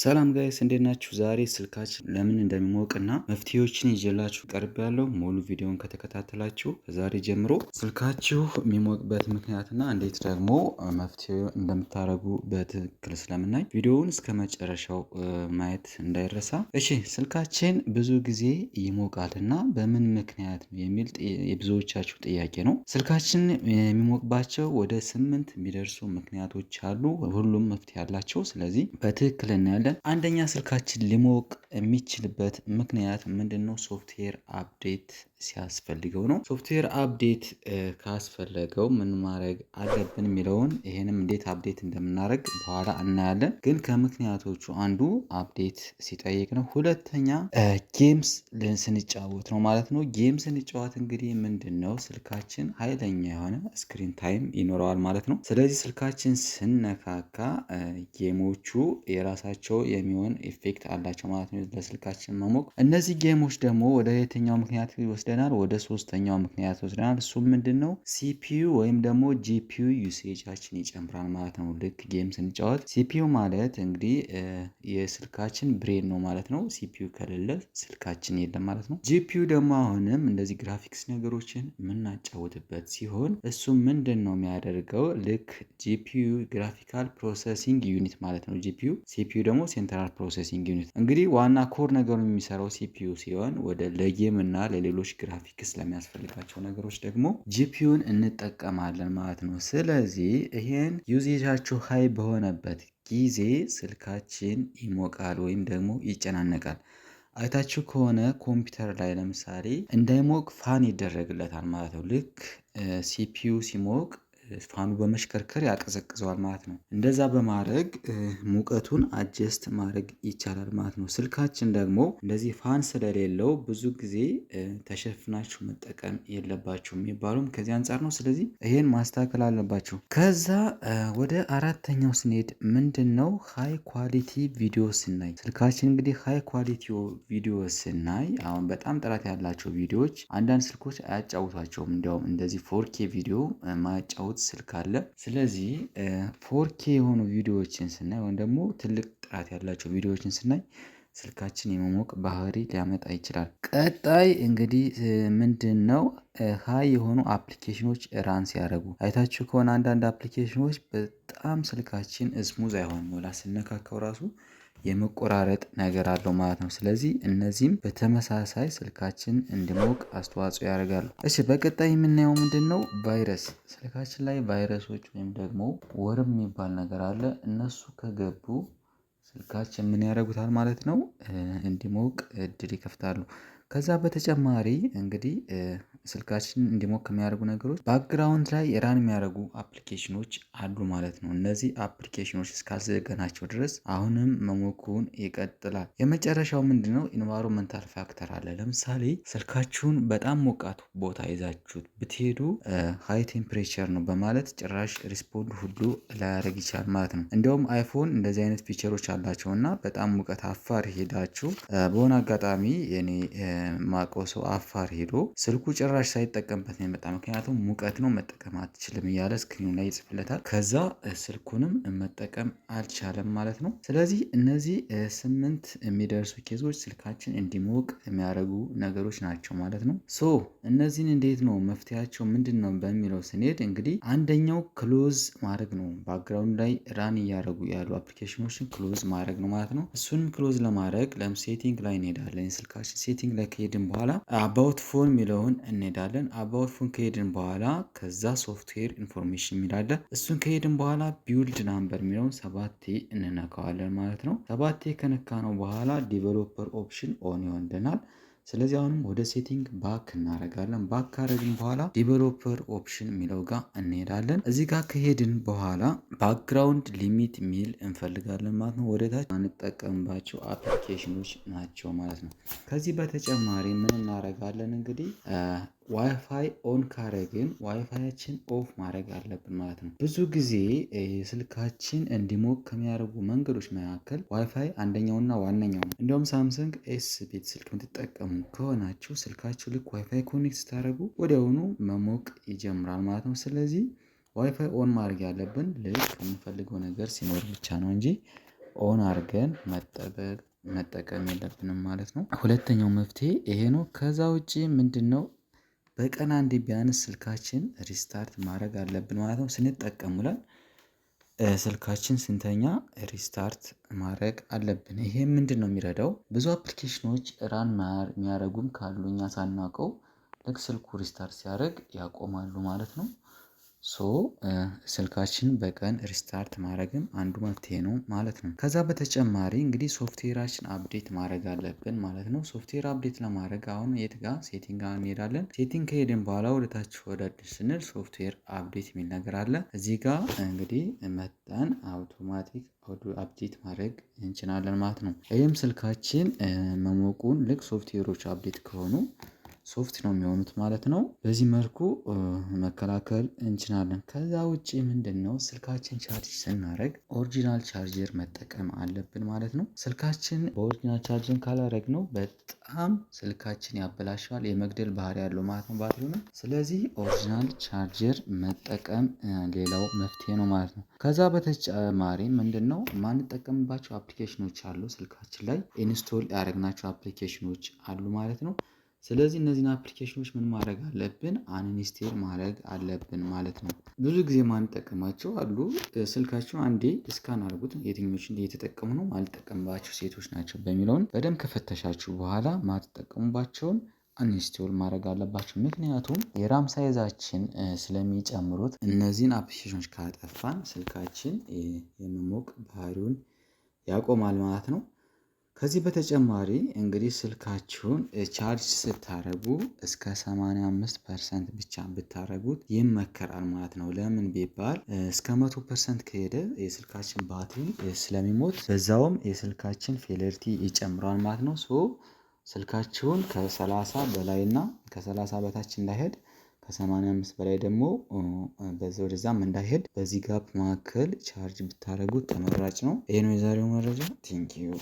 ሰላም ጋይስ እንዴት ናችሁ? ዛሬ ስልካችን ለምን እንደሚሞቅና መፍትሄዎችን ይዤላችሁ ቀርብ ያለው ሙሉ ቪዲዮን ከተከታተላችሁ ከዛሬ ጀምሮ ስልካችሁ የሚሞቅበት ምክንያትና እንዴት ደግሞ መፍትሄ እንደምታደርጉ በትክክል ስለምናይ ቪዲዮውን እስከ መጨረሻው ማየት እንዳይረሳ። እሺ ስልካችን ብዙ ጊዜ ይሞቃልና በምን ምክንያት ነው የሚል የብዙዎቻችሁ ጥያቄ ነው። ስልካችን የሚሞቅባቸው ወደ ስምንት የሚደርሱ ምክንያቶች አሉ። ሁሉም መፍትሄ አላቸው። ስለዚህ በትክክል እናያለን። እንችላለን። አንደኛ ስልካችን ሊሞቅ የሚችልበት ምክንያት ምንድነው? ሶፍትዌር አፕዴት ሲያስፈልገው ነው። ሶፍትዌር አፕዴት ካስፈለገው ምን ማድረግ አለብን የሚለውን ይህንም እንዴት አፕዴት እንደምናደርግ በኋላ እናያለን። ግን ከምክንያቶቹ አንዱ አፕዴት ሲጠይቅ ነው። ሁለተኛ ጌምስ ስንጫወት ነው ማለት ነው። ጌም ስንጫወት እንግዲህ ምንድን ነው ስልካችን ኃይለኛ የሆነ ስክሪን ታይም ይኖረዋል ማለት ነው። ስለዚህ ስልካችን ስነካካ ጌሞቹ የራሳቸው የሚሆን ኢፌክት አላቸው ማለት ነው። ለስልካችን መሞቅ እነዚህ ጌሞች ደግሞ ወደ የትኛው ምክንያት ወስደናል ወደ ሶስተኛው ምክንያት ወስደናል። እሱም ምንድን ነው? ሲፒዩ ወይም ደግሞ ጂፒዩ ዩሴጃችን ይጨምራል ማለት ነው። ልክ ጌም ስንጫወት ሲፒዩ ማለት እንግዲህ የስልካችን ብሬን ነው ማለት ነው። ሲፒዩ ከሌለ ስልካችን የለም ማለት ነው። ጂፒዩ ደግሞ አሁንም እንደዚህ ግራፊክስ ነገሮችን የምናጫወትበት ሲሆን እሱም ምንድን ነው የሚያደርገው ልክ ጂፒዩ ግራፊካል ፕሮሰሲንግ ዩኒት ማለት ነው። ጂፒዩ ሲፒዩ ደግሞ ሴንትራል ፕሮሰሲንግ ዩኒት እንግዲህ ዋና ኮር ነገሩ የሚሰራው ሲፒዩ ሲሆን ወደ ለጌም እና ለሌሎች ግራፊክስ ለሚያስፈልጋቸው ነገሮች ደግሞ ጂፒዩን እንጠቀማለን ማለት ነው። ስለዚህ ይሄን ዩዜጃችሁ ሀይ በሆነበት ጊዜ ስልካችን ይሞቃል ወይም ደግሞ ይጨናነቃል። አይታችሁ ከሆነ ኮምፒውተር ላይ ለምሳሌ እንዳይሞቅ ፋን ይደረግለታል ማለት ነው። ልክ ሲፒዩ ሲሞቅ ፋኑ በመሽከርከር ያቀዘቅዘዋል ማለት ነው። እንደዛ በማድረግ ሙቀቱን አጀስት ማድረግ ይቻላል ማለት ነው። ስልካችን ደግሞ እንደዚህ ፋን ስለሌለው ብዙ ጊዜ ተሸፍናችሁ መጠቀም የለባችሁ የሚባሉም ከዚህ አንጻር ነው። ስለዚህ ይሄን ማስተካከል አለባችሁ። ከዛ ወደ አራተኛው ስንሄድ ምንድን ነው ሃይ ኳሊቲ ቪዲዮ ስናይ ስልካችን እንግዲህ ሃይ ኳሊቲ ቪዲዮ ስናይ አሁን በጣም ጥራት ያላቸው ቪዲዮዎች አንዳንድ ስልኮች አያጫውቷቸውም። እንዲያውም እንደዚህ ፎርኬ ቪዲዮ ማያጫውት የምታወጡት ስልክ አለ። ስለዚህ ፎርኬ የሆኑ ቪዲዮዎችን ስናይ ወይም ደግሞ ትልቅ ጥራት ያላቸው ቪዲዮዎችን ስናይ ስልካችን የመሞቅ ባህሪ ሊያመጣ ይችላል። ቀጣይ እንግዲህ ምንድን ነው ሀይ የሆኑ አፕሊኬሽኖች ራን ሲያደርጉ አይታችሁ ከሆነ አንዳንድ አፕሊኬሽኖች በጣም ስልካችን ስሙዝ አይሆንም ወላ ስነካካው ራሱ የመቆራረጥ ነገር አለው ማለት ነው። ስለዚህ እነዚህም በተመሳሳይ ስልካችን እንዲሞቅ አስተዋጽኦ ያደርጋሉ። እሺ በቀጣይ የምናየው ምንድን ነው? ቫይረስ ስልካችን ላይ ቫይረሶች ወይም ደግሞ ወርም የሚባል ነገር አለ። እነሱ ከገቡ ስልካችን ምን ያደርጉታል ማለት ነው እንዲሞቅ እድል ይከፍታሉ ከዛ በተጨማሪ እንግዲህ ስልካችን እንዲሞቅ ከሚያደርጉ ነገሮች ባክግራውንድ ላይ ራን የሚያደርጉ አፕሊኬሽኖች አሉ ማለት ነው። እነዚህ አፕሊኬሽኖች እስካልዘጋናቸው ድረስ አሁንም መሞኩን ይቀጥላል። የመጨረሻው ምንድነው? ኢንቫይሮንመንታል ፋክተር አለ። ለምሳሌ ስልካችሁን በጣም ሞቃት ቦታ ይዛችሁት ብትሄዱ ሃይ ቴምፕሬቸር ነው በማለት ጭራሽ ሪስፖንድ ሁሉ ላያደርግ ይችላል ማለት ነው። እንዲያውም አይፎን እንደዚህ አይነት ፊቸሮች አላቸው እና በጣም ሙቀት አፋር ሄዳችሁ በሆነ አጋጣሚ እኔ የማውቀው ሰው አፋር ሄዶ ስልኩ ጭራሽ ሳይጠቀምበት ነው የመጣ። ምክንያቱም ሙቀት ነው መጠቀም አትችልም እያለ ስክሪኑ ላይ ይጽፍለታል። ከዛ ስልኩንም መጠቀም አልቻለም ማለት ነው። ስለዚህ እነዚህ ስምንት የሚደርሱ ኬዞች ስልካችን እንዲሞቅ የሚያደርጉ ነገሮች ናቸው ማለት ነው። ሶ እነዚህን እንዴት ነው መፍትያቸው ምንድን ነው በሚለው ስንሄድ እንግዲህ አንደኛው ክሎዝ ማድረግ ነው። ባክግራውንድ ላይ ራን እያደረጉ ያሉ አፕሊኬሽኖችን ክሎዝ ማድረግ ነው ማለት ነው። እሱንም ክሎዝ ለማድረግ ለም ሴቲንግ ላይ እንሄዳለን። ስልካችን ሴቲንግ ላይ ከሄድን በኋላ አባውት ፎን የሚለውን እንሄዳለን። አባውት ፎን ከሄድን በኋላ ከዛ ሶፍትዌር ኢንፎርሜሽን የሚላለ እሱን ከሄድን በኋላ ቢውልድ ናምበር የሚለውን ሰባቴ እንነካዋለን ማለት ነው። ሰባቴ ከነካ ነው በኋላ ዲቨሎፐር ኦፕሽን ኦን ይሆንልናል። ስለዚህ አሁንም ወደ ሴቲንግ ባክ እናደርጋለን። ባክ ካረግን በኋላ ዲቨሎፐር ኦፕሽን የሚለው ጋር እንሄዳለን። እዚህ ጋር ከሄድን በኋላ ባክግራውንድ ሊሚት ሚል እንፈልጋለን ማለት ነው። ወደታች አንጠቀምባቸው አፕሊኬሽኖች ናቸው ማለት ነው። ከዚህ በተጨማሪ ምን እናደርጋለን እንግዲህ ዋይፋይ ኦን ካረግን ዋይፋያችን ኦፍ ማድረግ አለብን ማለት ነው። ብዙ ጊዜ ስልካችን እንዲሞቅ ከሚያደርጉ መንገዶች መካከል ዋይፋይ አንደኛውና ዋነኛው ነው። እንዲሁም ሳምሰንግ ኤስ ቤት ስልክ የምትጠቀሙ ከሆናችሁ ስልካችሁ ልክ ዋይፋይ ኮኔክት ስታደርጉ ወዲያውኑ መሞቅ ይጀምራል ማለት ነው። ስለዚህ ዋይፋይ ኦን ማድረግ ያለብን ልክ የምንፈልገው ነገር ሲኖር ብቻ ነው እንጂ ኦን አድርገን መጠበቅ መጠቀም የለብንም ማለት ነው። ሁለተኛው መፍትሄ ይሄ ነው። ከዛ ውጪ ምንድን ነው በቀን አንዴ ቢያንስ ስልካችን ሪስታርት ማድረግ አለብን ማለት ነው። ስንጠቀም ውለን ስልካችን ስንተኛ ሪስታርት ማድረግ አለብን። ይሄ ምንድነው የሚረዳው? ብዙ አፕሊኬሽኖች ራን የሚያደርጉም ካሉ እኛ ሳናውቀው ልክ ስልኩ ሪስታርት ሲያደርግ ያቆማሉ ማለት ነው ሶ ስልካችን በቀን ሪስታርት ማድረግም አንዱ መፍትሄ ነው ማለት ነው። ከዛ በተጨማሪ እንግዲህ ሶፍትዌራችን አፕዴት ማድረግ አለብን ማለት ነው። ሶፍትዌር አፕዴት ለማድረግ አሁን የት ጋር ሴቲንግ ጋር እንሄዳለን። ሴቲንግ ከሄድን በኋላ ወደ ታች ወደ አዲስ ስንል ሶፍትዌር አፕዴት የሚል ነገር አለ። እዚህ ጋር እንግዲህ መጠን አውቶማቲክ አፕዴት ማድረግ እንችላለን ማለት ነው። ይህም ስልካችን መሞቁን ልክ ሶፍትዌሮች አፕዴት ከሆኑ ሶፍት ነው የሚሆኑት ማለት ነው። በዚህ መልኩ መከላከል እንችላለን። ከዛ ውጭ ምንድን ነው ስልካችን ቻርጅ ስናደርግ ኦሪጂናል ቻርጀር መጠቀም አለብን ማለት ነው። ስልካችን በኦሪጂናል ቻርጅን ካላደረግ ነው በጣም ስልካችን ያበላሸዋል፣ የመግደል ባህሪ ያለው ማለት ነው ባትሪው። ስለዚህ ኦሪጂናል ቻርጀር መጠቀም ሌላው መፍትሄ ነው ማለት ነው። ከዛ በተጨማሪ ምንድን ነው የማንጠቀምባቸው አፕሊኬሽኖች አሉ ስልካችን ላይ ኢንስቶል ያደረግናቸው አፕሊኬሽኖች አሉ ማለት ነው። ስለዚህ እነዚህን አፕሊኬሽኖች ምን ማድረግ አለብን? አንኢንስቴል ማድረግ አለብን ማለት ነው። ብዙ ጊዜ ማንጠቀማቸው አሉ። ስልካቸውን አንዴ እስካን አድርጉት፣ የትኞች እየተጠቀሙ ነው፣ ማልጠቀምባቸው ሴቶች ናቸው በሚለውን በደንብ ከፈተሻችሁ በኋላ ማትጠቀሙባቸውን አንስቶል ማድረግ አለባቸው። ምክንያቱም የራም ሳይዛችን ስለሚጨምሩት እነዚህን አፕሊኬሽኖች ካጠፋን ስልካችን የመሞቅ ባህሪውን ያቆማል ማለት ነው። ከዚህ በተጨማሪ እንግዲህ ስልካችሁን ቻርጅ ስታደረጉ እስከ 85 ፐርሰንት ብቻ ብታደረጉት ይመከራል ማለት ነው። ለምን ቢባል እስከ 100 ፐርሰንት ከሄደ የስልካችን ባትሪ ስለሚሞት በዛውም የስልካችን ፌሌርቲ ይጨምራል ማለት ነው። ሶ ስልካችሁን ከ30 በላይ እና ከ30 በታች እንዳይሄድ ከ85 በላይ ደግሞ በዛ ወደዛም እንዳይሄድ በዚህ ጋፕ መካከል ቻርጅ ብታደረጉት ተመራጭ ነው። ይህ ነው የዛሬው መረጃ። ቲንኪዩ